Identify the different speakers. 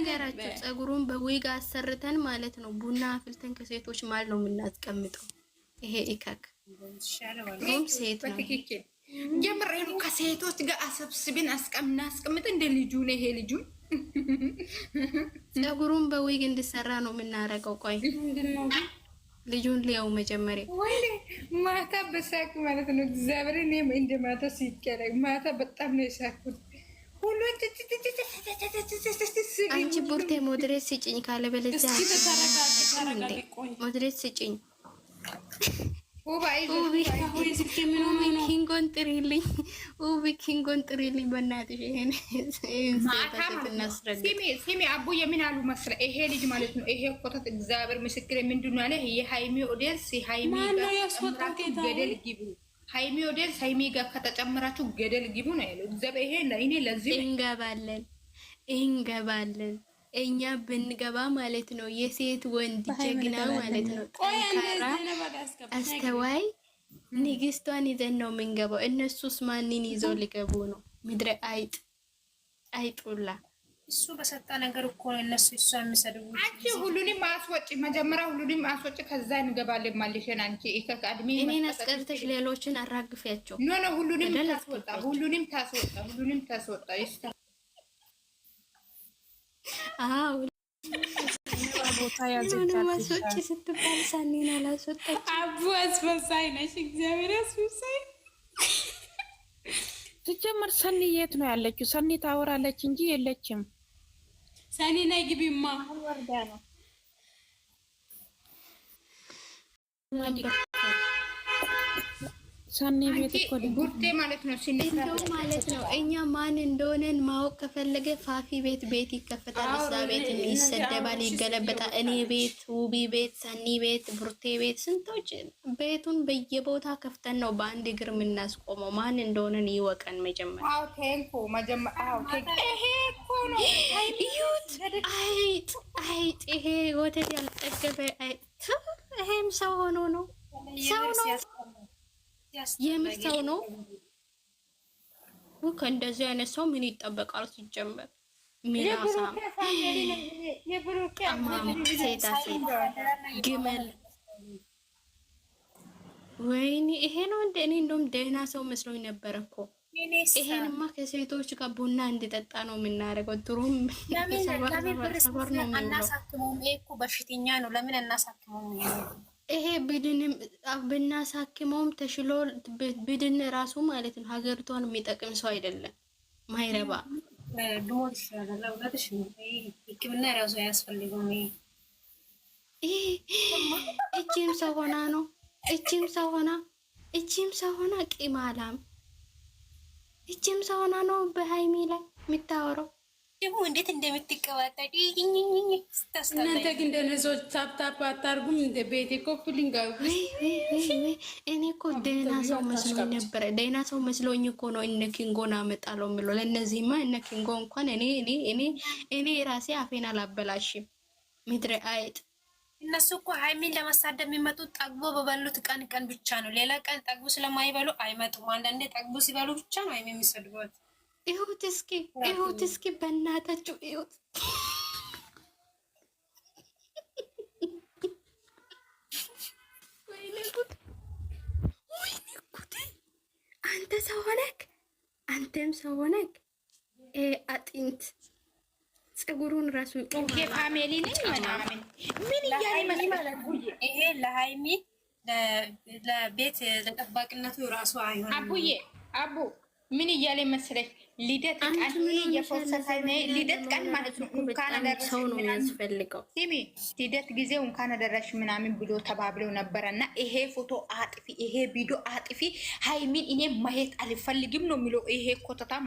Speaker 1: ልንገራቸው፣ ጸጉሩን በዊግ አሰርተን ማለት ነው፣ ቡና አፍልተን ከሴቶች ማል ነው የምናስቀምጠው። ይሄ ኢካክ
Speaker 2: ሩም ሴት ነው
Speaker 3: የምሬኑ ከሴቶች ጋር አሰብስብን አስቀምና አስቀምጥ እንደ ልጁ ነው ይሄ ልጁ።
Speaker 1: ጸጉሩን በዊግ እንድሰራ ነው የምናረገው። ቆይ ልጁን ሊያው መጀመሪያ
Speaker 2: ወይ ማታ በሳቅ ማለት ነው። እግዚአብሔር እንደ ማታ ሲቀረ ማታ በጣም ነው የሳኩት
Speaker 1: አንቺ ቡርቴ ሞድሬት ስጭኝ ካለ በለዚያ ሞድሬት ስጭኝ። ኪንጎን ጥሪልኝ፣ ውቢ ኪንጎን ጥሪልኝ። በእናትሽ ይሄን
Speaker 3: ስሚ። አቡዬ ምን አሉ መስረ ይሄ ልጅ ማለት ነው። ይሄ ኮተት እግዚአብሔር ምስክር ምንድን ነው ያለ የሀይሚ ኦዲየንስ ገደል ግቢ ሃይሚ ወደን ሃይሚ ጋር ከተጨመራችሁ ገደል ግቡ ነው ያለው እግዚአብሔር። ይሄ እኔ ለዚህ
Speaker 1: እንገባለን እንገባለን እኛ ብንገባ ማለት ነው የሴት ወንድ ጀግና ማለት ነው አስተዋይ ንግስቷን ይዘን ነው የምንገባው። እነሱስ ማንን ይዘው ሊገቡ ነው? ምድረ አይጥ አይጡላ
Speaker 2: እሱ በሰጣ ነገር እኮ ነው እነሱ እሱ የሚሰድቡ።
Speaker 3: አንቺ ሁሉንም አስወጪ፣ መጀመሪያ ሁሉንም አስወጪ፣ ከዛ እንገባለን። ማለሽን አንቺ ከአድሜ
Speaker 1: እኔን አስቀርተሽ ሌሎችን አራግፊያቸው።
Speaker 3: ኖ ኖ፣ ሁሉንም ታስወጣ፣ ሁሉንም ታስወጣ፣ ሁሉንም ታስወጣ።
Speaker 1: አዎ ቦታ ያዘቻአስወጪ ስትባል ሳኔን አላስወጣች።
Speaker 2: አቡ አስመሳይ ነሽ፣ እግዚአብሔር አስመሳይ
Speaker 3: ሲጀመር ሰኒ የት ነው ያለችው? ሰኒ ታወራለች እንጂ የለችም።
Speaker 2: ሰኒ ነይ ግቢማ ወርዳ ነው ጉርቴ ማለት
Speaker 1: ነው ማለት ነው። እኛ ማን እንደሆነን ማወቅ ከፈለገ ፋፊ ቤት ቤት ይከፈታል። እዛ ቤት ይሰደባል፣ ይገለበጣል። እኔ ቤት፣ ውቢ ቤት፣ ሰኒ ቤት፣ ቡርቴ ቤት ስንቶች ቤቱን በየቦታ ከፍተን ነው በአንድ እግር የምናስቆመው። ማን እንደሆነን ይወቀን መጀመሪያ። አይጥ አይጥ ይሄ ወተት ያልጠገበ አይጥ ይሄም ሰው ሆኖ ነው። ሰው ነው፣ የምር ሰው ነው። እንደዚህ አይነት ሰው ምን ይጠበቃል? ሲጀመር ሚራሳም ግመል ወይኔ ይሄ ነው እንደ እኔ እንደውም ደህና ሰው መስሎኝ ነበር እኮ ይሄንማ ከሴቶች ጋር ቡና እንድጠጣ ነው የምናደርገው። ድሮም
Speaker 2: ሰበር ነው በሽተኛ ነው። ለምን እናሳክመው?
Speaker 1: ይሄ ብድንም ብናሳክመውም ተሽሎ ብድን ራሱ ማለት ነው ሀገሪቷን የሚጠቅም ሰው አይደለም። ማይረባ
Speaker 2: ድሞት ይሻላል። እውነትሽ ነው። ሕክምና ራሱ አያስፈልገውም።
Speaker 1: እቺም ሰው ሆና ነው እቺም ሰው ሆና እቺም ሰው ሆና ቂማላም እችም ሰውና ነው በሀይሚ ላይ የምታወራው
Speaker 2: ደግሞ እንዴት እንደምትቀባጠል
Speaker 3: እናንተ ግን ደነዞች ታፕታፕ አታርጉም። እንደ ቤት እኮ
Speaker 1: እኔ እኮ ደህና ሰው መስሎኝ ነበረ። ደህና ሰው መስሎኝ እኮ ነው እነ ኪንጎን አመጣለው የምለው። ለእነዚህማ እነ ኪንጎ እንኳን እኔ እኔ እኔ ራሴ አፌን አላበላሽም። ምድረ አይጥ
Speaker 2: እነሱ እኮ ሀይሚን ለመሳደብ የሚመጡት ጠግቦ በበሉት ቀን ቀን ብቻ ነው። ሌላ ቀን ጠግቦ ስለማይበሉ አይመጡም። አንዳንዴ ጠግቦ ሲበሉ ብቻ ነው ሀይሚ የሚሰድቡት።
Speaker 1: ይሁት እስኪ ይሁት እስኪ በእናታችሁ ይሁት አንተ ሰው ሆነክ አንተም ሰው ሆነክ አጥንት ጸጉሩን ራሱ
Speaker 2: ፋሚሊ ነኝ ምናምን ይሄ ለሀይሚ ለቤት ለጠባቂነቱ ራሱ አይሆንም።
Speaker 3: አቡዬ አቡ ምን እያለ መሰለሽ? ልደት ቀን የፖሰተ ልደት ቀን ማለት ነው። እንኳን አደረሽ ሰው ሲሚ ልደት ጊዜው እንኳን አደረሽ ምናምን ብሎ ተባብለው ነበረ እና ይሄ ፎቶ አጥፊ፣ ይሄ ቪዲዮ አጥፊ፣ ሀይሚን እኔ ማየት አልፈልግም ነው የሚለው ይሄ ኮተታ